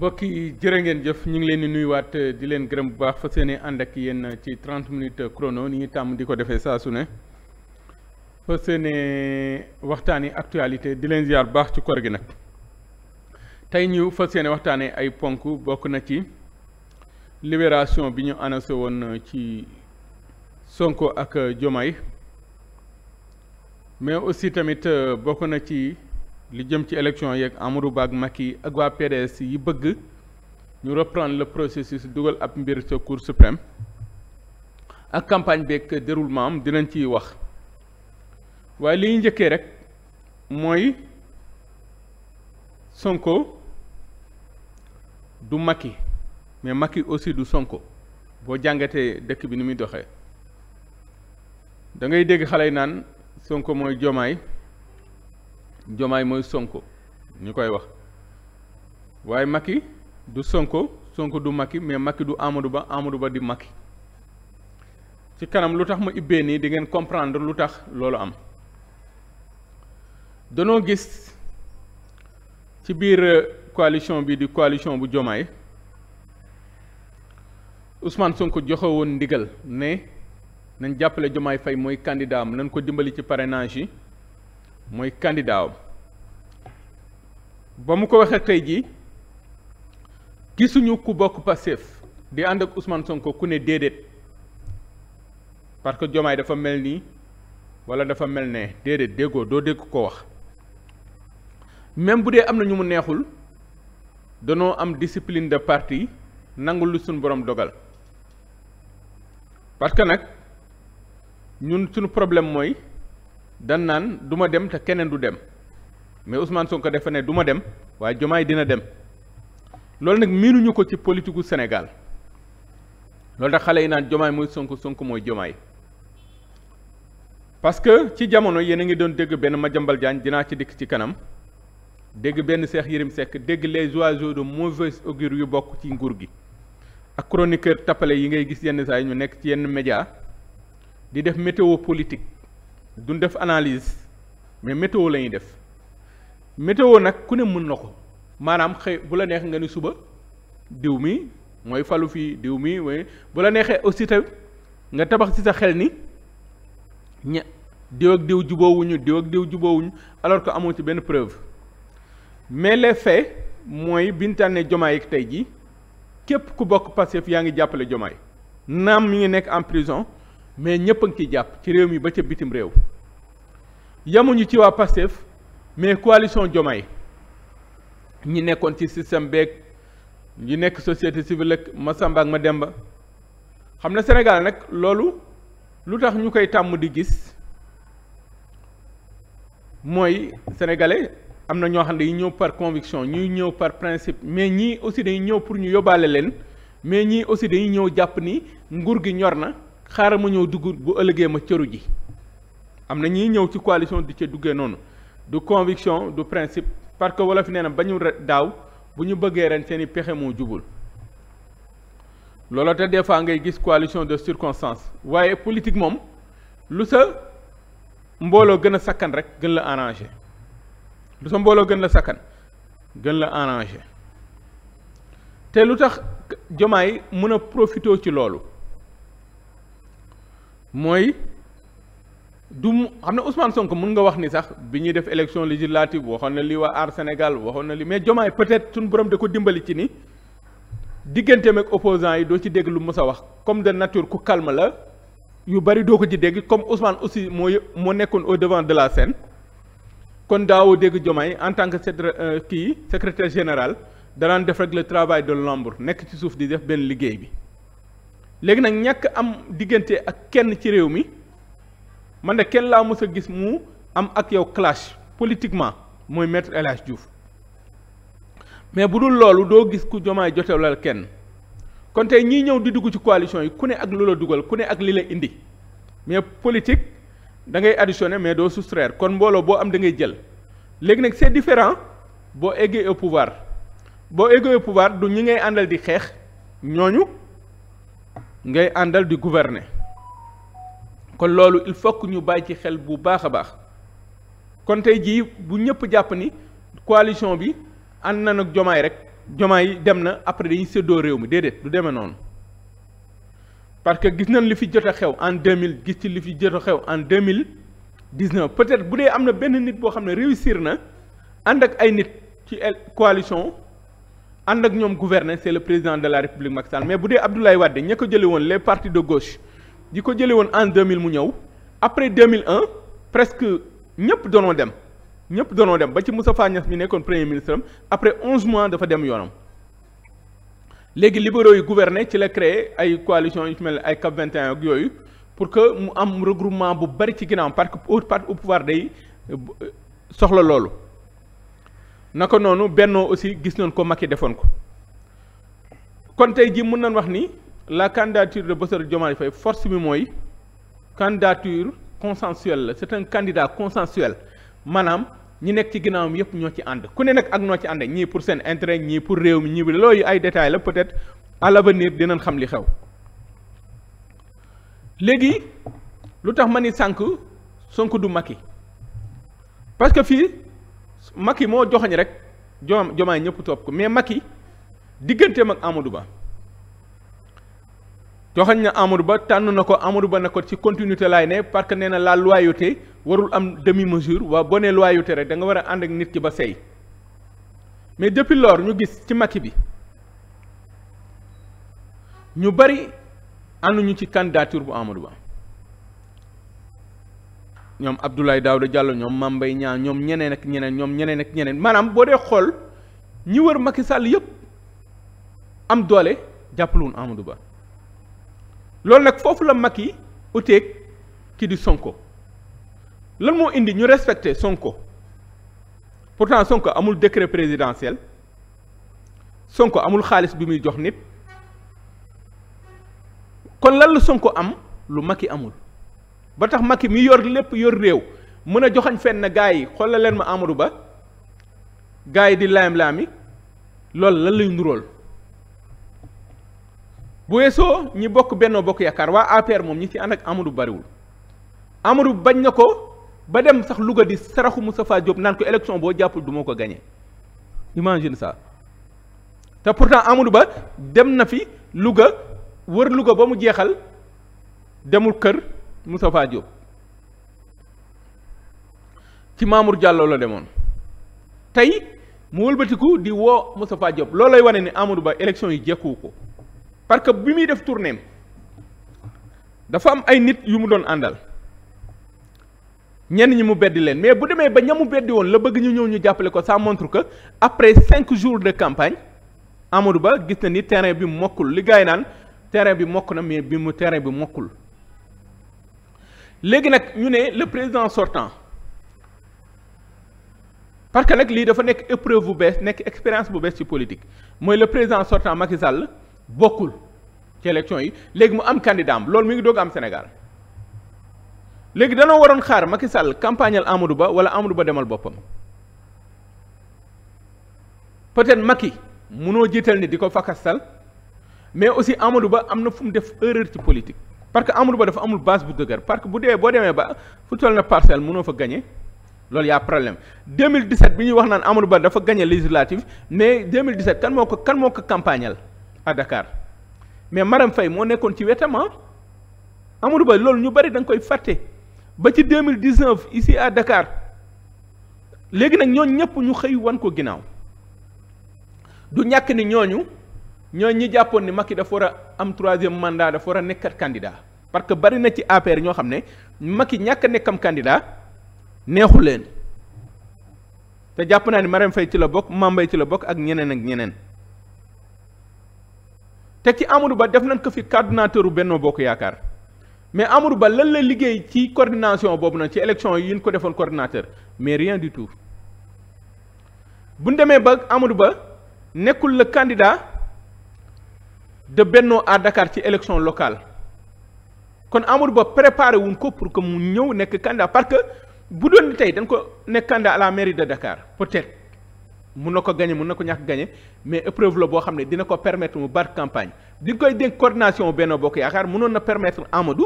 mbokk yi jërë ngeen jëf ñu ngi leen di nuyuwaat eh, di leen gërëm bu baax fas yéene ànd ak yéen eh, ci 30 minutes eh, chrono ni ñu tàmm di ko defee saa su ne fas yéene waxtaani actualité di leen ziar bu baax ci koor gi nag tey ñu fas yéene waxtaanee ay ponk bokk na ci libération bi ñu annoncé woon ci Sonko ak Diomaye mais aussi tamit bokk na ci. li jëm ci élection yeeg Amadou Ba ak Macky ak waa PDS yi bëgg ñu reprendre le processus dugal ab mbir ca Cour suprême ak campagne beeg déroulement am dinañ ciy wax waaye li njëkkee rek mooy Sonko du Macky mais Macky aussi du Sonko boo jàngatee dëkk bi ni muy doxee da ngay dégg xale yi naan Sonko mooy Jomaay Jomaay mooy Sonko ñu koy wax waaye Macky du Sonko Sonko du Macky mais Macky du Amadou Ba Amadou Ba di Macky ci kanam lu tax ma ibbee nii di ngeen comprendre lu tax loolu am danoo gis ci biir euh, coalition bi di coalition bu Jomaay Ousmane Sonko joxe woon ndigal ne nañ jàppale Jomaay fay mooy candidat am nañ ko dimbali ci parrainage yi mooy candidat ba mu ko waxee tey jii gisuñu ku bokk Pastef di ànd ak Ousmane Sonko ku ne déedéet parce que Diomaye dafa mel nii wala dafa mel ne déedéet déggoo doo dégg ko wax même bu dee am na ñu mu neexul danoo am disipline de parti nangul lu suñu borom dogal parce que nag ñun suñu problème mooy. dan naan duma dem te keneen du dem mais Ousmane Sonko defe ne du ma dem waaye Jomaay dina dem loolu nag miinuñu ko ci politique gu Sénégal loolu tax xale yi naan Jomaay mooy Sonko Sonko mooy Jomaay parce que ci jamono yéen a ngi doon dégg benn Madiambal Diagne dinaa ci dikk ci kanam dégg benn Cheikh Yérim sekk dégg les oiseaux de mauvais augure yu bokk ci nguur gi ak chroniqueur tappale yi ngay gis yenn saa yi ñu nekk ci yenn média di def météo politique. duñ def analyse mais météo la ñuy def météo nag ku ne mën na ko maanaam xëy bu la neex nga ni suba diw mi mooy falu fii diw mi mooy bu la neexee aussi nga tabax ci sa xel ni ña diw ak diw juboowuñu diw ak diw juboowuñu alors que amoo ci benn preuve mais les faits mooy bi ñu tànnee ak tey jii képp ku bokk Pastef yaa ngi jàppale Diomaye naam mi ngi nekk en prison mais ñëpp a ngi jàpp ci réew mi ba ca bitim réew. yamuñu ci waa Pastef mais coalition Diomaye ñi nekkoon ci système beeg ñi nekk société civile ak Masamba ma demba xam na Sénégal nag loolu lu tax ñu koy tàmm di gis mooy sénégalais am na ñoo xam ne yi ñëw par conviction ñuy ñëw par principe mais ñii aussi dañuy ñëw pour ñu yóbbaale leen mais ñii aussi dañuy ñëw jàpp ni nguur gi ñor na xaaral ma ñëw dugg bu ëllëgee ma cëru ji am na ñuy ñëw ci coalition di ci duggee noonu du conviction du principe parce que wolof nee na ba ñu daaw bu ñu bëggee ren seeni i pexe moo jubul looloo te des fois ngay gis coalition de circonstance waaye politique moom lu sa mbooloo gën a sakkan rek gën la arrangé lu sa mbooloo gën la sakkan gën la arrangé te lu tax jomaay mën a profité ci loolu mooy du mu xam ne Ousmane Sonko mun nga wax ni sax bi ñuy def élection législative waxoon na li waa aar Sénégal waxoon na li mais Diomaye peut-être suñu borom da ko dimbali ci ni digganteem ak opposants yi doo ci dégg lu mës wax comme de nature ku calme la yu bari doo ko ci dégg comme Ousmane aussi moo moo nekkoon au devant de la scène kon daawoo dégg Diomaye en tant que euh, kii secretaire général danaan def rek le travail de l'ombre nekk ci suuf di def benn liggéey bi léegi nag ñàkk am diggante ak kenn ci réew mi. man na kenn laa mës a gis mu am ak yow clash politiquement mooy maître El Hadj Diouf mais bu dul loolu doo gis ku jomaay jotewlal kenn kon tey ñii ñëw di dugg ci coalition yi ku ne ak lu la dugal ku ne ak li la indi mais politique da ngay additionner mais doo soustraire kon mbooloo boo am dangay jël léegi nag c'est différent boo eggee au boo eggee au pouvoir du ñi ngay àndal di xeex ñooñu ngay àndal di gouverner. kon loolu il faut que ñu bàyyi ci xel bu baax a baax kon tey jii bu ñëpp jàpp ni coalition bi ànd na nag jomaay rek jomaay dem na après dañuy seddoo réew mi déedéet du demee noonu parce que gis nañ li fi jot a xew en deux mille gis ci li fi jot a xew en deux mille dix-neuf peut-être bu dee am na benn nit boo xam ne réussir na ànd ak ay nit ci coalition ànd ak ñoom gouverner c'est le président de la République Macky Sall mais bu dee Abdoulaye Wade ña ko woon les parti de gauche di ko jëlee woon en 2000 mu ñëw après 2001 presque ñëpp doonoo dem ñëpp doonoo dem ba ci Moustapha Niasse mi nekkoon premier ministre am après 11 mois dafa dem yoonam léegi libéraux yi gouverner ci la créé ay coalition yu mel ay CAP yooyu pour que mu am regroupement bu bari ci ginnaaw parce que au parti au pouvoir day euh, soxla loolu naka noonu Benno aussi gis nañ ko Macky defoon ko kon tey ji mën na wax nii la candidature de Bassirou Diomaye Faye force bi mooy candidature consensuelle la c'est un candidat consensuel maanaam ñi nekk ci ginnaawam yëpp ñoo ci ànd ku ne nag ak noo ci ànd ñii pour seen intérêt ñii pour réew mi ñii bi loolu ay détails la peut-être à l'avenir dinañ xam li xew léegi lu tax ma ni sànq Sonko du Macky parce que fii Macky moo joxañ rek Jom Jomaay ñëpp topp ko mais Macky digganteem ak Amadou Ba. joxañ na Amadou Ba tànn na ko Amadou Ba ne ko ci continuité lay ne parce que nee na la warul am demi mesure waa boo nee loyauté rek da nga war a ànd ak nit ki ba sey mais depuis lors ñu gis ci makki bi ñu bari ànduñu ci candidature bu Amadou Ba ñoom Abdoulaye Daouda Diallo ñoom Mame Mbaye Niang ñoom ñeneen ak ñeneen ñoom ñeneen ak ñeneen maanaam boo dee xool ñi wër Macky sàll yépp am doole jàppaluwun Amadou Ba loolu nag foofu la mag yi uteeg ki di Sonko lan moo indi ñu respecté Sonko pourtant Sonko amul décret présidentiel Sonko amul xaalis bi muy jox nit kon lan la Sonko am lu mag yi amul ba tax Macky mi yor lépp yor réew mën a joxañ fenn gaa yi xoolal leen ma Amadou Ba gaa yi di laam-laami loolu lan lay nuróol bu weesoo ñi bokk Benno Bokk Yaakaar waa APR moom ñi ci ànd ak Amadou bariwul Amadou bañ na ko ba dem sax luga di saraxu Moustapha Diop naan ko élection boo jàppul du ko ko gagné imagine ça te pourtant Amadou Ba dem na fi Louga wër Louga ba mu jeexal demul kër Moustapha Diop ci Mamour Diallo la demoon tey mu wëlbatiku di woo Moustapha loolu lay wane ni Amadou Ba élection yi jekkuwu ko. parce que bi muy def tournéem dafa am ay nit yu mu doon àndal ñenn ñi mu bedd leen mais bu demee ba ña mu beddi woon la bëgg ñu ñëw ñu jàppale ko saa montre que après cinq jours de campagne Amadou Ba gis na ni terrain bi mokkul li gars yi naan terrain bi mokk na mais bi mu terrain bi mokkul léegi nag ñu ne le président sortant parce que nag lii dafa nekk épreuve bu bees nekk expérience bu bees ci politique mooy le président sortant Macky Sall bokkul ci élection yi léegi mu am candidat am loolu mi ngi doog am senegal léegi dana waroon xaar Macky Sall campagnal Amadou Ba wala Amadou Ba demal boppam peut-être Macky munoo jiital ni di ko fakastal mais aussi Amadou Ba am na fu mu def erreur ci politique parce que Amadou Ba dafa amul base bu dëgër parce que bu dee boo demee ba fu toll na parcelle munoo fa gagné loolu yaa problème 2017 bi ñuy wax naan Amadou Ba dafa gagné législative mais 2017 kan moo ko kan moo ko campagnal à Dakar. mais Marème fay moo nekkoon ci wetam ah Ba loolu ñu bari da koy fàtte ba ci deux mille dix neuf ici à dakaar léegi nag ñooñ ñëpp ñu xëy wan ko ginnaaw du ñàkk ni ñooñu ñooñ ñi jàppoon ni Macky dafa war a am troisième mandat dafa war a nekkat candidat parce que bari na ci APR ñoo xam ne Macky ñàkk a nekkam candidat neexu leen te jàpp naa ni Marème fay ci la bokk Mame Mbaye ci la bokk ak ñeneen ak ñeneen. te ci Amadou Ba def nañ ko fi coordinateur u Benno Bokk Yaakaar mais amaru Ba lan la liggéey ci coordination boobu na ci élection yi ñu ko defoon coordinateur mais rien du tout bu ñu demee ba Amadou Ba nekkul la candidat de Benno à Dakar ci élection locale kon Amadou Ba préparé wuñ ko pour que mu ñëw nekk candidat parce que bu doon tey dañ ko nekk candidat la mairie de Dakar peut mun na ko gagné mun na ko ñàkk gagné mais épreuve la boo xam ne dina ko permettre mu bar campagne bi koy dénk coordination Benno Bokk Yaakaar mënoon na permetre amadu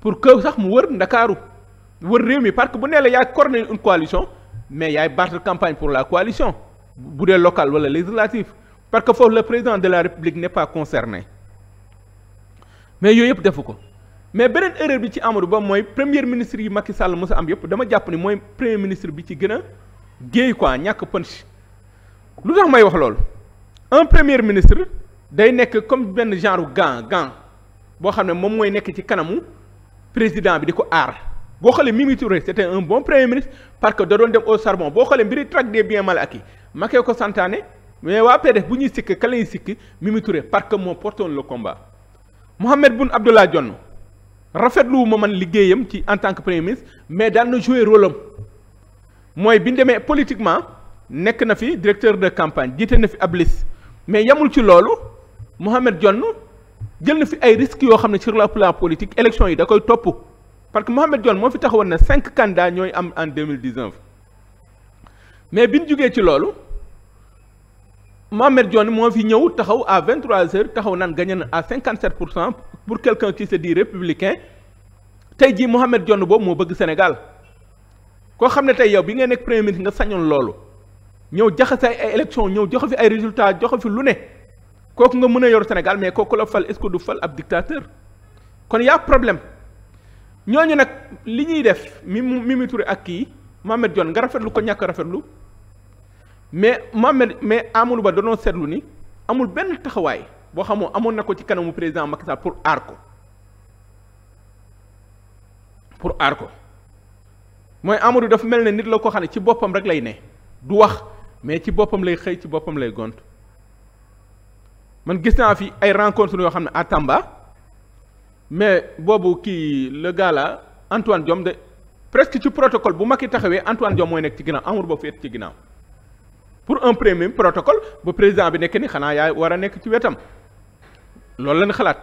pour que sax mu wër ndakaaru wër réew mi parce que bu nee la yaay coordonner une mais yaay battre campagne pour la coalition bu dee local wala législatif parce que foofu le président de la république n'est pas concerné mais yooyu yëpp defu ko mais beneen erreur bi ci Amadou Ba mooy premier ministre yi Macky Sall mos a am yëpp dama jàpp ni mooy premier ministre bi ci gën a géey quoi ñàkk punch lu tax may wax loolu en premier ministre day nekk comme benn genre gant gant boo xam ne moom mooy nekk ci kanamu président bi di ko aar boo xoolee Mimi Touré c'était un bon premier ministre parce que da doon dem au charbon boo xoolee mbiri traque des biens mal acquis Macky ko santaane mais waa PDS bu ñuy sikk ka la ñuy sikk Mimi Touré parce que moo porté woon le combat Mohamed Boun Abdallah Dionne rafetlu ma man liggéeyam ci en tant que premier ministre mais daan na jouer rôle am bi ñu demee politiquement. nekk na fi directeur de campagne jiite na fi ab liste mais yamul ci loolu Mohamed Dionne jël na fi ay risques yoo xam ne sur la plan politique élection yi da koy topp parce que Mohamed Dionne moo fi taxawoon na cinq candidats ñooy am en deux mille dix-neuf mais bi ñu jugee ci loolu Mohamed Dionne moo fi ñëw taxaw à vingt trois taxaw naan gagné na à cinquante sept pour cent pour quelqu'un qui se dit républicain tey ji Mohamed Dionne boobu moo bëgg Sénégal koo xam ne tey yow bi ngay nekk premier nga sañoon loolu. ñëw jaxase ay élection ñëw joxo fi ay résultats joxe fi lu ne kooku nga mën a yor Sénégal mais kooku la fal est-ce du fal ab dictateur kon y'a problème ñooñu nag li ñuy def mi Mimi Touré ak kii Mohamed Dionne nga rafetlu ko ñàkk rafetlu mais Mohamed mais Amadou Ba danoo seetlu ni amul benn taxawaay boo xamoo amoon na ko ci kanamu président Macky Sall pour aar ko pour aar ko mooy Amadou dafa mel ne nit la ko xam ne ci boppam rek lay ne du wax mais ci boppam lay xëy ci boppam lay gont man gis naa fi ay rencontre yoo xam ne à Tamba mais boobu kii le gars là Antoine Diome de presque ci protocole bu yi taxawee Antoine Diome mooy nekk ci ginnaaw Amadou Ba féet ci ginnaaw pour un premier protocole ba président bi nekk ni xanaa yaay war a nekk ci wetam loolu lañ xalaat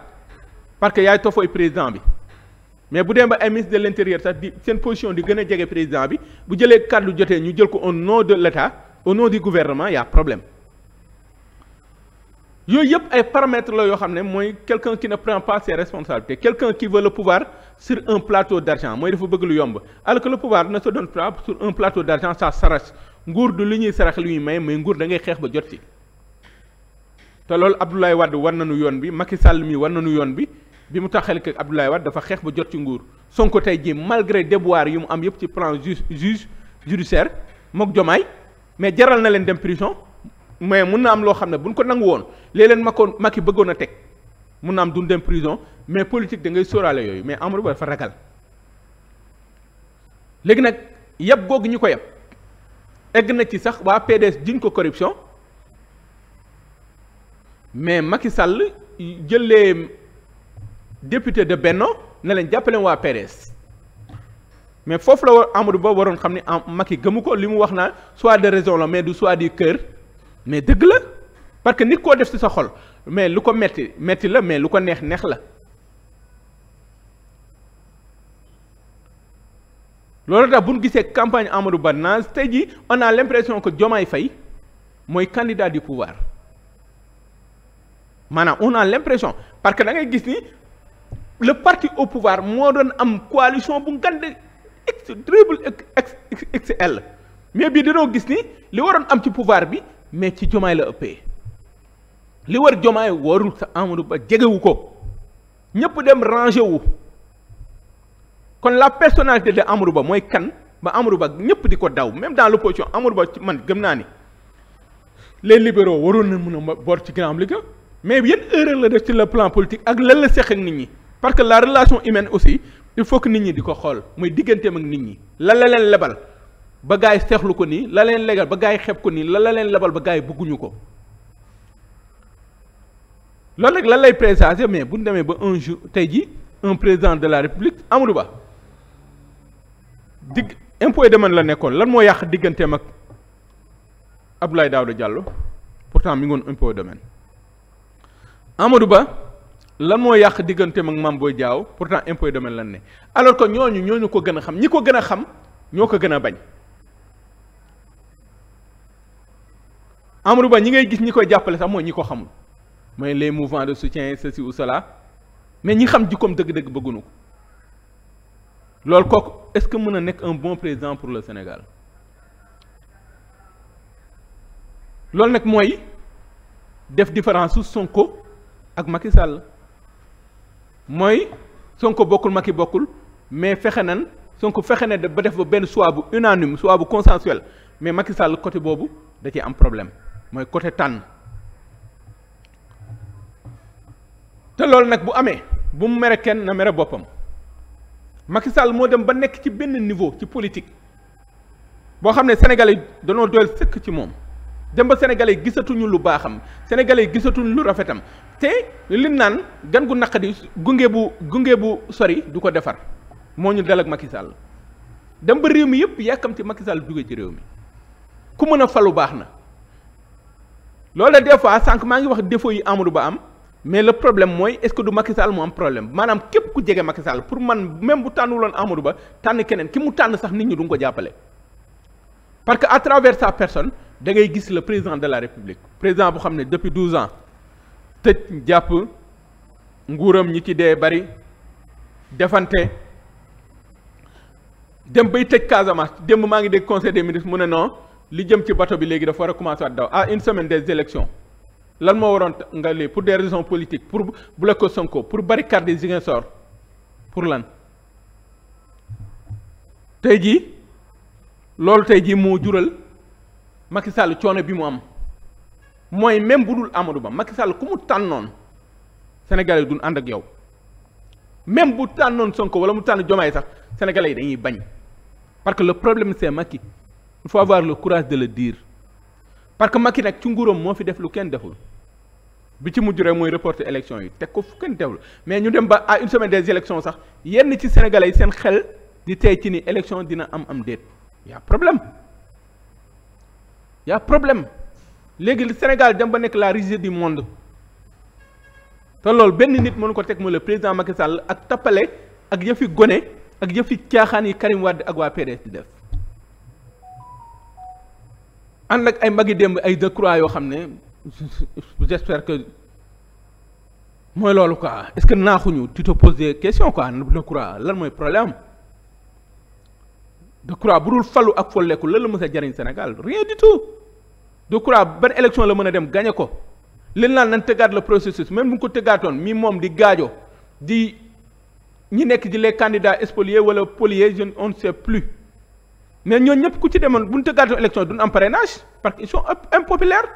parce que yaay tofooy président bi mais bu dem ba ay ministre de l'intérieur sax di seen position di gën a jege président bi bu jëlee kàddu ñu jël ko au nom de l'état au nom du gouvernement y problème yooyu yëpp ay paramètres la yoo xam ne mooy quelque qui ne prend pas ses responsabilités quelqu'un qui veut pouvoir sur un plateau d'argent mooy dafa bëgg lu yomb alors que le pouvoir ne se donne pas sur un plateau d'argent ça s'arrache nguur du li ñuy sarax li ñuy may mais nguur da ngay xeex ba jot ci te loolu Abdoulaye Wade war nañu yoon bi Macky sàll mi war nañu yoon bi bi mu taxal ak Abdoulaye Wade dafa xeex ba jot ci nguur Sonko tey jii malgré déboires yu mu am yëpp ci plan juge juge judiciaire mook Jomaay mais jaral na leen dem prison mais mun na am loo xam ne buñ ko nangu woon léeg leen makoon Macky bëggoon a teg mun na am du dem prison mais politique da ngay sóoraale yooyu mais Amadou Ba dafa ragal léegi nag yab googu ñu ko yab egg na ci sax waa PDS jiñ ko corruption mais Macky Sall jëlee député de Benno na leen jàppale waa PDS mais foofu la war Amadou Ba waroon xam ne am ah, Macky gëmu ko li mu wax naa soit de raison la mais du soit du cœur mais dëgg la parce que nit koo def ci sa xol mais lu ko metti metti la mais lu ko neex neex la loolu tax bu ñu gisee campagne Amadou Ba naas tey jii on a l'impression que Diomaye fay mooy candidat du pouvoir maanaam on l'impression parce que da ngay gis ni le parti au pouvoir moo doon am coalition bu ngande x dribble x xl mais bii dañoo gis ni li waroon am ci pouvoir bi mais ci jomaay la ëppee li war jomaay warul sa Amadou Ba jegewu ko ñëpp dem rangé wu kon la personnalité de Amadou Ba mooy kan ba Amadou Ba ñëpp di ko daw même dans l'opposition Amadou Ba ci man gëm naa ni les libéraux waroon na mun a boor ci ginnaaw li ga mais yan erreur la def ci le plan politique ak lan la seq ak nit ñi parce que la relation humaine aussi il faut nit ñi di ko xool mooy digganteem ak nit ñi lan la leen lebal ba gars yi seexlu ko nii la leen legal ba gars yi xeeb ko nii la leen lebal ba gars yi bëgguñu ko loolu rek lan lay présager mais bu ñu demee ba un jour tey ji un président de la république Amadou Ba digg impôt et domaine la nekkoon lan moo yàq digganteem ak Abdoulaye jàll Diallo pourtant mi ngoon impôt et domaine Amadou Ba lan moo yàq digganteem ak Mame Boye Diao pourtant impôt domaine lan ne alors que ñooñu ñooñu ko gën a xam ñi ko gën a xam ñoo ko gën a bañ Amadou Ba ñi ngay gis ñi koy jàppale sax mooy ñi ko xamul mooy les mouvements de soutien ceci ou cela mais ñi xam jikkoom dëgg-dëgg bëggunu ko loolu kooku est-ce que mën a nekk un bon président pour le Sénégal loolu nag mooy def différence su Sonko ak Macky Sall mooy Sonko bokkul Macky bokkul mais fexe nan Sonko fexe na ba def ba benn choix bu unanime choix bu consensuel mais Macky Sall côté boobu da ci am problème mooy côté tànn te loolu nag bu amee bu mu mere kenn na mere boppam Macky Sall moo dem ba nekk ci benn niveau ci politique boo xam ne sénégalais yi dañoo doyal sëkk ci moom. dem ba sénégalais gisatuñu lu baaxam sénégalais gisatuñu lu rafetam te lin naan gan gu naqadi gunge bu gunge bu sori du ko defar moo ñu dal ak Macky dem ba réew mi yëpp yàkkamti Macky Sall ci réew mi ku mën a falu baax na loolu des fois sànq maa ngi wax défaut yi Amadou Ba am mais le problème mooy est-ce que du Macky Sall mu am problème maanaam képp ku jege Macky pour man même bu tànnuloon Amadou Ba tànn keneen ki mu tànn sax nit ñi du ko jàppale. parce que à travers sa personne dangay gis le président de la république président bu xam ne depuis douze ans tëj jàpp nguuram ñi ci dee bari defante dem bay tëj Casamance démb maa ngi dégg conseil des ministres mu ne non li jëm ci bato bi léegi dafa war a commencé at daw à une semaine des élections lan moo waroon nga lii pour des raisons politiques pour bloquer Sonko pour barricader Ziguinchor pour lan tey jii loolu tey jii moo jural Macky Sall coono bi mu am mooy même bu dul Amadou Ba Macky Sall ku mu tànnoon Sénégalais yi dun ànd ak yow même bu tànnoon Sonko wala mu tànn Diomaye sax Sénégalais yi dañuy bañ parce que le problème c'est maki il faut avoir le courage de le diir parce que Macky nag ci nguuram moo fi def lu kenn deful bi ci mujj rek mooy reporter élection yi teg ko fu kenn deful mais ñu dem ba à une semaine des élections sax yenn ci Sénégalais yi seen xel di tey ci ni élection dina am am déet. yaa problème yaa problème léegi le Sénégal dem ba nekk la risée du monde te loolu benn nit mënu ko teg mu le président Macky Sall ak tappale ak yëfi gone ak yëfi caaxaan yi Karim Wade ak waa PDS di def ànd ak ay magi démb ay Decroix yoo xam ne j'espère que mooy loolu quoi est-ce que naaxuñu tu te poses des questions quoi lan mooy problème Decroix bu dul falu ak folleeku lan la mës a jariñ Sénégal rien du tout Decroix ban élection la mën a dem gagné ko leen naan nan tëggaat le processus même bu ñu ko tëggaatoon mi moom di gaajo di ñi nekk di les candidats spoliés wala poliés jeune on ne sait plus mais ñooñu ñëpp ku ci demoon bu ñu tëggaatoon élection duñ am parrainage parce qu'ils sont impopulaires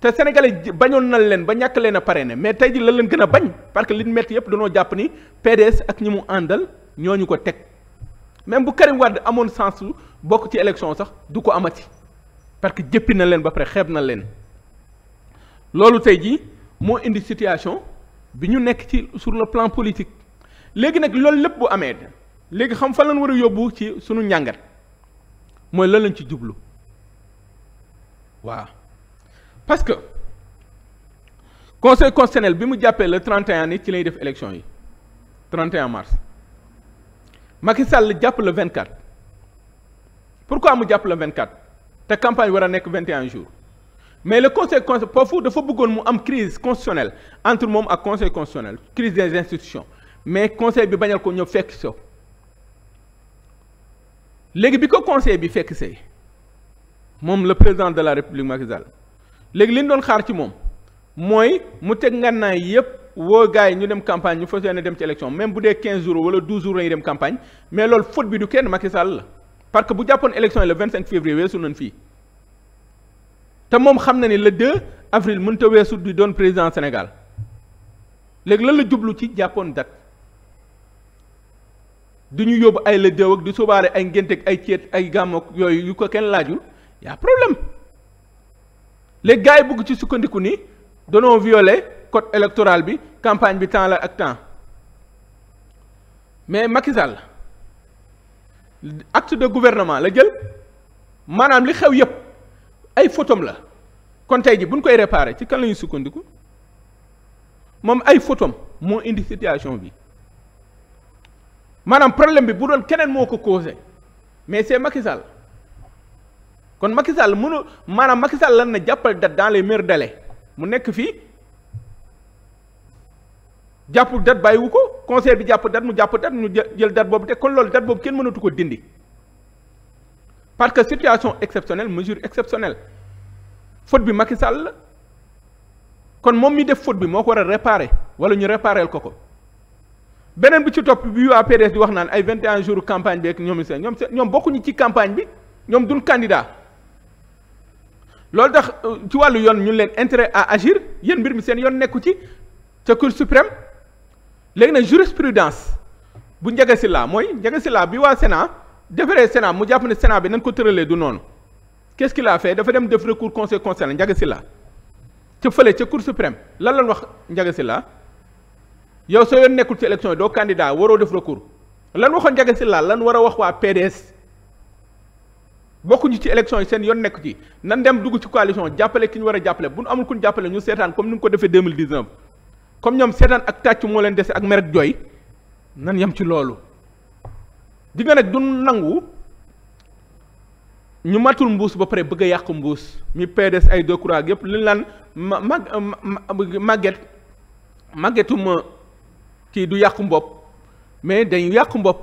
te sénégalais bañoon na leen ba ñàkk leen a pare ne mais tey ji la leen gën a bañ parce que liñ metti yëpp danoo jàpp ni PDS ak ñi mu àndal ñooñu ko teg même bu Karim Wade amoon sens su bokk ci élection sax du ko amati parce que jëppi na leen ba pare xeeb na leen loolu tey jii moo indi situation bi ñu nekk ci sur le plan politique léegi nag loolu lépp bu amee léegi xam fa lañ war a yóbbu ci sunu njàngat mooy lan lañ ci jublu waaw parce que conseil constitutionnel bi mu jàppee le 31 nit ci lay def élection yi 31 mars. Macky Sall jàpp le 24 pourquoi mu jàpp le 24 te campagne war a nekk 21 jours mais le conseil con dafa bëggoon mu am crise constitutionnelle entre moom ak conseil constitutionnel crise des institutions mais conseil bi bañal ko ñëw fekk so léegi bi ko conseil bi fekk see moom la président de la république Macky léegi li ñu doon xaar ci moom mooy mu teg ngànnaay yépp woo gars yi ñu dem campagne ñu fas yéene dem ci élection même bu dee 15 jours wala 12 jours la ñuy dem campagne mais loolu faute bi du kenn Macky Sall la parce que bu jàppoon élection yi le 25 février weesu nañ fii te moom xam na ni la 2 avril mënut a weesu di doon président Sénégal léegi lan la jublu ci jàppoon date du ñu yóbbu ay le 2 ak du subaare ay ngénte ak ay ceet ay gàmmook yooyu yu ko kenn laajul y a problème léegi gars yi bëgg ci sukkandiku ni dono violé. code électoral bi campagne bi temps la ak temps mais makisal Sall acte de gouvernement la jël maanaam li xew yépp ay photom la kon tey ji buñ koy réparer ci kan sukkandiku moom ay photom moo indi situation bi maanaam problème bi bu doon keneen moo ko causé mais c'est Macky Sall kon Macky Sall mënu maanaam Macky Sall lan na jàppal date dans les meilleurs délais mu nekk fii jàppul date bàyyiwu ko conseil bi jàpp date mu jàpp date ñu jël date boobu te kon loolu date boobu kenn mënatu ko dindi parce que situation exceptionnelle mesure exceptionnelle faute bi Macky Sall la kon moom mi def faute bi moo ko war a réparer wala ñu réparel ko ko beneen bi ci topp bi waa PDS di wax naan ay 21 jours campagne bi ak ñoom seen ñoom ñoom bokkuñu ci campagne bi ñoom duñ candidat loolu tax euh, ci wàllu yoon ñu leen intérêt à agir yéen mbir mi seen yoon nekku ci ca Cour suprême léegi nag jurisprudence bu Ndiaga Sylla mooy Ndiaga Sylla bi waa Sénat defaree Sénat mu jàpp ne Sénat bi nañ ko tëralee du noonu qu'est-ce qu'il a dafa dem def recours conseil constitutionnel Ndiaga Sylla ca fële ca cour suprême lan lañ wax Ndiaga Sylla yow soo yoon nekkul ci élection yi doo candidat waroo def recours lan waxoon Ndiaga Sylla lan war a wax waa PDS bokkuñu ci élection yi seen yoon nekku ci nan dem dugg ci coalition jàppale ki ñu war a jàppale bu nu amul ku ñu jàppale ko defee 2019 comme ñoom seetaan ak tàccu moo leen dese ak mer jooy nan yam ci loolu di nga du nangu ñu matul mbuus ba pare bëgg a yàq mbuus mi PDS ay deux croix yëpp liñ laan ma mag màgget màggetuma kii du yàq mbopp mais dañu yàq mbopp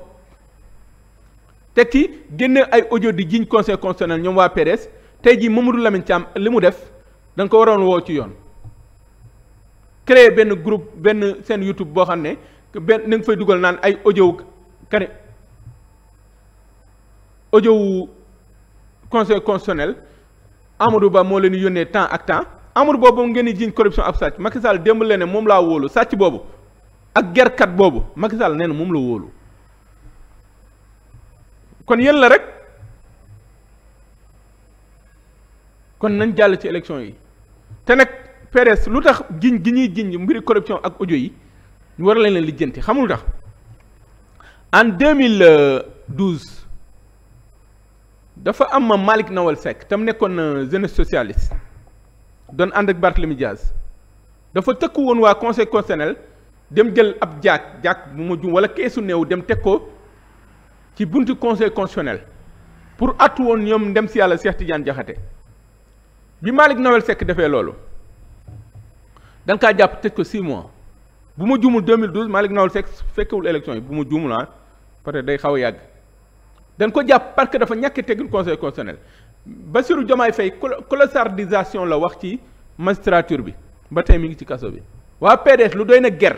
te ti génne ay audio di jiñ conseil constitutionnel ñoom waa PDS tey jii Mamadou Lamine Thiam li mu def danga ko waroon woo ci yoon créer benn group benn seen YouTube boo xam ne benn na nga fay dugal naan ay audio kari audio wu conseil constitutionnel Amadou Ba moo leen yónnee temps ak temps Amadou boobu ngeen di jiñ corruption ab sàcc Macky Sall démb leen moom laa wóolu sàcc boobu ak gerkat boobu Macky Sall nee na moom la wóolu kon yéen la rek kon nañ jàll ci élection yi te nag. PDS lu tax jiñ gi ñuy jiñ mbiri corruption ak audio yi ñu war leen leen lijjanti xamul tax en 2012 dafa am Malick Nawal sekk tam nekkoon jeunesse socialiste doon ànd ak Barthélemy Diaz dafa tëkku woon waa conseil constitutionnel dem jël ab jaag jaag bu ma jum wala keesu néew dem teg ko ci buntu conseil constitutionnel pour attu woon ñoom ndem si yàlla Cheikh Tidiane Diakhaté bi Malick Nawal Seck defee loolu. da kaa jàpp tëj ko 6 bu ma juumul 2012 Malick Nawel fekk fekkewul élection yi bu ma juumul ah peut-être day xaw a yàgg dañ ko jàpp parce que dafa ñàkk teggul conseil constitutionnel Bassirou Diomaye Faye colossardisation la wax ci magistrature bi ba tey mi ngi ci kaso bi waa PDS lu doy na ger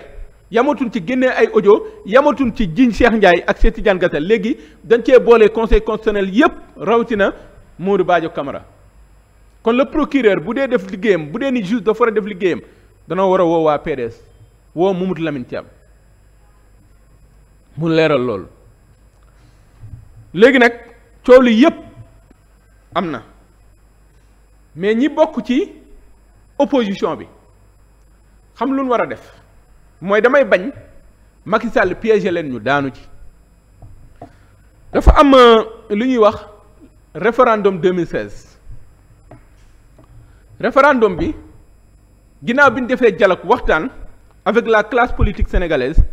yamatuñ ci génnee ay audio yamatuñ ci jiñ Cheikh Ndiaye ak Cheikh Tidiane Gassal léegi dañ cee boole conseil constitutionnel yépp rawatina Modou Badio Camara kon le procureur bu dee def liggéeyam bu dee ni juge dafa war a def liggéeyam danoo war a woo waa PDS woo Mamadou Lamine Thiam mu leeral loolu léegi nag coow li yépp am na mais ñi bokk ci opposition bi xam lu war a def mooy damay bañ Macky Sall piégé leen ñu daanu ci dafa am euh, li ñuy wax référendum 2016 référendum bi ginnaaw bi ñu defee dialogue waxtaan avec la classe politique sénégalaise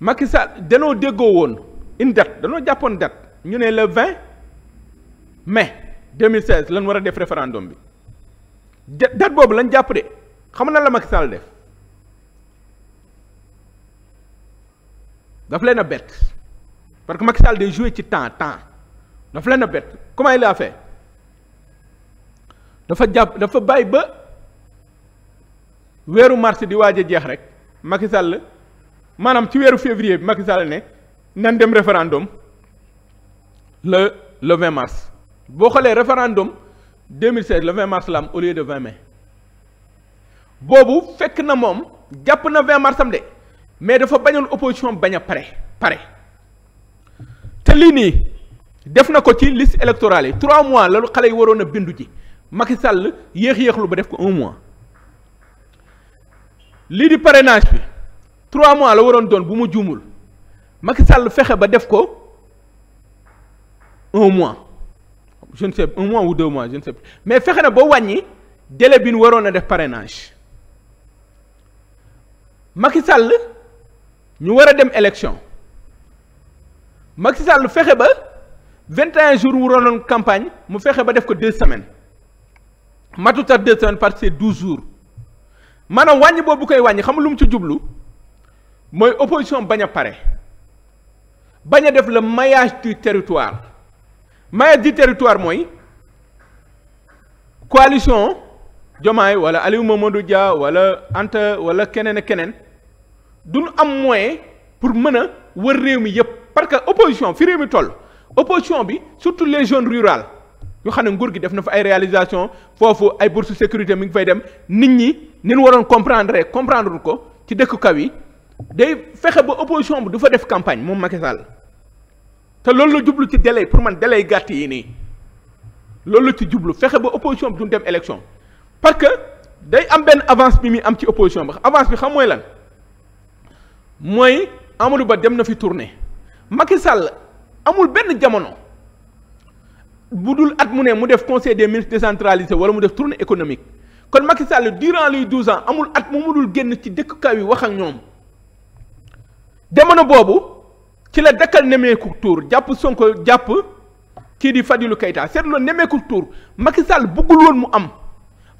Macky Sall danoo déggoo woon une date danoo jàppoon date ñu ne le 20 mai 2016 lañ war a def référendum bi date boobu lañ jàpp de xam na la Macky Sall def daf leen a bett parce que Macky Sall day jouer ci temps temps daf leen a bett comment il a dafa jàpp dafa bàyyi ba weeru mars di waaj a jeex rek Macky Sall maanaam ci weeru février bi ne nan dem référendum le le 20 mars boo xoolee référendum 2016 le 20 mars la am au lieu de 20 mai boobu fekk na moom jàpp na 20 mars am de mais dafa bañoon opposition bañ a pare pare te lii nii def na ko ci liste électorale yi 3 mois la xale yi waroon a bindu ji. Macky Sall yéex-yéexlu ba def ko un mois lii di parrainage bi trois mois la waroon doon bu ma juumul Macky sàll fexe ba def ko un mois jeune ne sais un mois ou deux mois je ne mais fexe na ba wàññi délai bi nu waroon a def parrainage Macky Sall ñu war a dem élection Macky Sall fexe ba 21 jours wu waroon campagne mu fexe ba def ko deux semaines. matutat deux semaines parce ces douze jours maanaam wàññi boobu koy wàññi xam lu mu ci jublu mooy opposition bañ a pare bañ a def la maillage du territoire maillage du teritoire mooy coalition Jomaay wala Aliou Mamadou Dia wala Anta wala keneen ak keneen duñu am moyen pour mën a wër réew mi yépp parce que opposition fi réew mi toll opposition bi surtout les zones rurales yoo xam ne nguur gi def na fa ay réalisation foofu ay bourse sécurité mi ngi fay dem nit ñi ni ñu waroon comprendre rek comprendre ko ci dëkk kaw yi day fexe ba opposition bi du fa def campagne moom Macky te loolu la jublu ci délai pour man délai gàtt yi nii loolu la ci jublu fexe ba opposition bi duñ dem élection parce que day am benn avance bi muy am ci opposition bi avance bi xam mooy lan mooy amalu Ba dem na fi tournée Macky Sall amul benn jamono. bu dul at mu ne mu def conseil des ministres décentralisé wala mu def tournée économique kon Macky Sall durant les douze ans amul at mu mënul génn ci dëkk kaw yi wax ak ñoom jamono boobu ci la dakkal nemeeku tour jàpp Sonko jàpp kii di Fadilou Keita seetloo nemeeku tour Macky Sall buggul woon mu am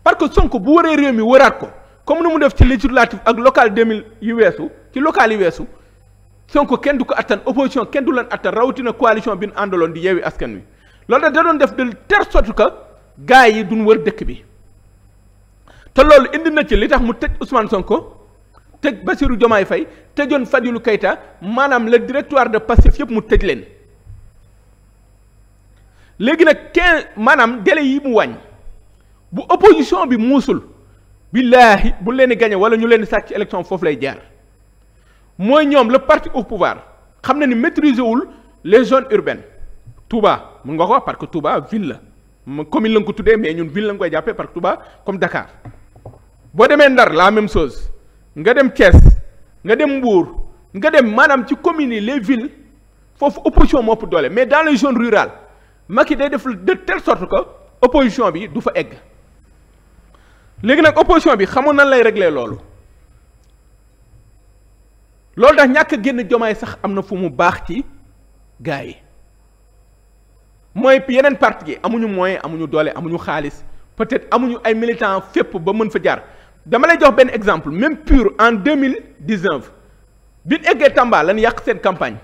parce que Sonko bu waree réew mi waraat ko comme nu mu def ci législatif ak local deux mille yu weesu ci local yi weesu Sonko kenn du ko attan opposition kenn du leen attan rawatina coalition bi ñu àndaloon di askan wi. loolu nag da doon def de telle sorte que gars yi duñ wër dëkk bi te loolu indi na ci li tax mu tëj Ousmane Sonko tëj Bassirou Diomaye fay tëjoon Fadilou Keita maanaam le directoire de Pastef yëpp mu tëj leen léegi nag quinze maanaam délai yi mu wàññ bu opposition bi muusul billaahi bu leen di gagné wala ñu leen di sàcc élection foofu lay jaar mooy ñoom le parti au pouvoir xam na ni maîtriser wul les zones urbaines Touba mun nga ko parce que Touba ville la ma commune la nga ko tuddee mais ñun ville la nga koy jàppee parce que Touba comme Dakar boo demee Ndar la même chose nga dem Thiès nga dem Mbour nga dem maanaam ci communes yi les villes foofu opposition moo ëpp doole mais dans les zones ma Macky day def de telle sorte que opposition bi du fa egg léegi nag opposition bi xamoon nan lay régler loolu loolu tax ñàkk génn jomaay sax am na fu mu baax ci gars yi mooy yeneen parti gi amuñu moyen amuñu doole amuñu xaalis peut-être amuñu ay militants fépp ba mën fa jaar dama lay jox benn exemple même pure en deux mille dix-neuf bi ñu eggee Tamba lañ yàq seen campagne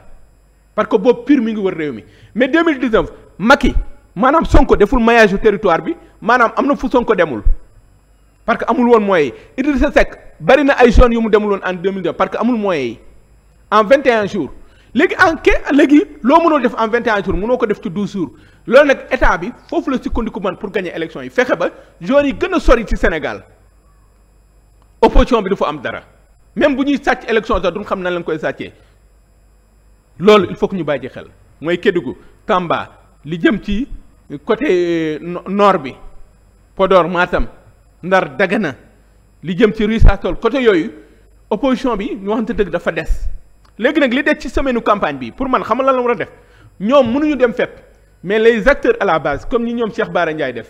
parce que boobu pur mi ngi wër réew mi mais deux mille dix-neuf Macky maanaam Sonko deful maillage territoire bi maanaam am na fu Sonko demul parce que amul woon moyens yi Idrissa Seck bari na ay zones yu mu demul woon en deux mille dix-neuf parce que amul moyens yi en vingt et jours. léegi en ke léegi loo mënoo def en vingt et un jours mënoo ko def ci dou jours loolu nag état bi foofu la sukkandiku man pour gagner élection yi fexe ba joueurs yi gën a sori ci Sénégal opposition bi du fa am dara même bu ñuy sàcc élection sax duñ xam nan lañ koy sàccee loolu il faut que ñu bàyyi xel mooy Kédougou Tamba li jëm ci côté euh, nord bi Podor maatam Ndar Dagana li jëm ci Rue Sassool côté yooyu opposition bi ñu waxante dëgg dafa des léegi nag li des ci semaine campagne bi pour man xamal la la war a def ñoom mënuñu dem fépp mais les acteurs à la base comme ni ñoom Cheikh Bara Ndiaye def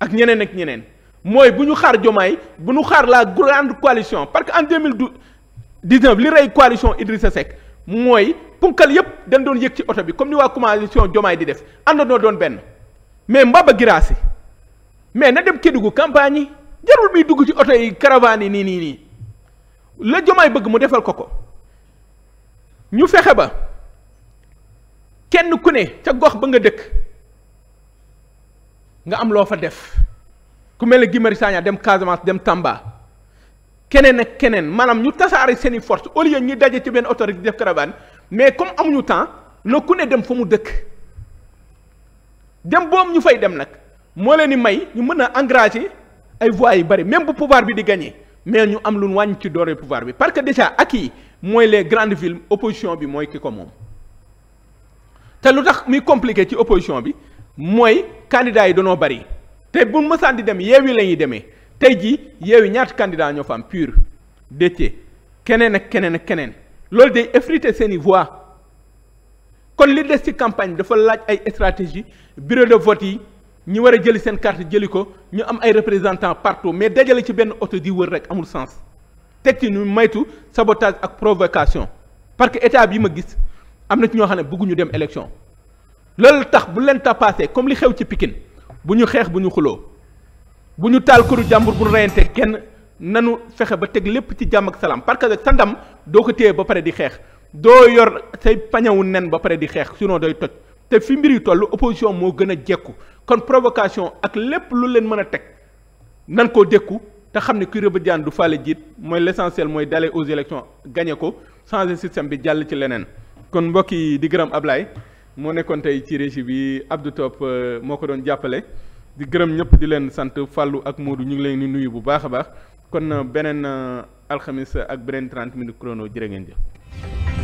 ak ñeneen ak ñeneen mooy bu ñu xaar Jomaay bu nu xaar la grande coalition parce que en deux mille dix-neuf li rey coalition Idrissa Seck mooy punkal yépp dañ doon yëg ci oto bi comme ni waa coalition Jomaay di def àndandoo doon benn mais Mbaba Girassi mais na dem Kédougou campagne yi jarul biy dugg ci oto yi yi nii nii la Diomaye bëgg mu defal ko ko ñu fexe ba kenn ku ne ca gox ba nga dëkk nga am loo fa def ku mel ne Guy Marius dem Casamance dem Tamba keneen ak keneen maanaam ñu tasaare seen i force au lieu ñuy daje ci benn autorité di def mais comme amuñu temps na ku ne dem fa mu dëkk dem boobu ñu fay dem nag moo leen di may ñu mën a engager ay voix yu bari même bu pouvoir bi di gañe mais ñu am lu ñu wàññi ci doole pouvoir bi parce que déjà ak yi mooy les grandes ville opposition bi mooy ki ko moom te lu tax muy compliqué ci opposition bi mooy candidats yi danoo bari te bu mësaan di dem yeewi la ñuy demee tey jii yeewi ñaati candidat ñoo fa am pur Déthié keneen ak keneen ak keneen loolu day effriter seen i voix kon li des ci campagne dafa laaj ay stratégie bureau de vote yi ñi war a jëli seen carte jëli ko ñu am ay représentant partout mais dajale ci benn oto di wër rek amul sens teg ci ñu maytu sabotage ak provocation parce que état bi ma gis am na ci ñoo xam ne bëgguñu dem élection loolu tax bu leen tapaasee comme li xew ci Pikine bu ñu xeex bu ñu xuloo bu ñu taal këru jàmbur bu reyante kenn nanu fexe ba teg lépp ci jàmm ak salaam parce que sa ndam doo ko téye ba pare di xeex doo yor say pañawu nen ba pare di xeex sinon day toj te fi mbir toll opposition moo gën a jekku kon provocation ak lépp lu leen mën a teg nan koo dékku te xam ne kuy rëbët jaan du faale jiit mooy l'essentiel mooy d'aller aux élections gagné ko changer système bi jàll ci leneen kon mbokk yi di gërëm Ablaye moo nekkoon tey ci régie bi Abdou Top euh, moo ko doon jàppale di gërëm ñëpp di leen sant Fallou ak Modou ñu ngi leen di nuyu bu baax a baax kon euh, beneen euh, alxamis ak beneen 30 minutes crono jërë ngeen jëf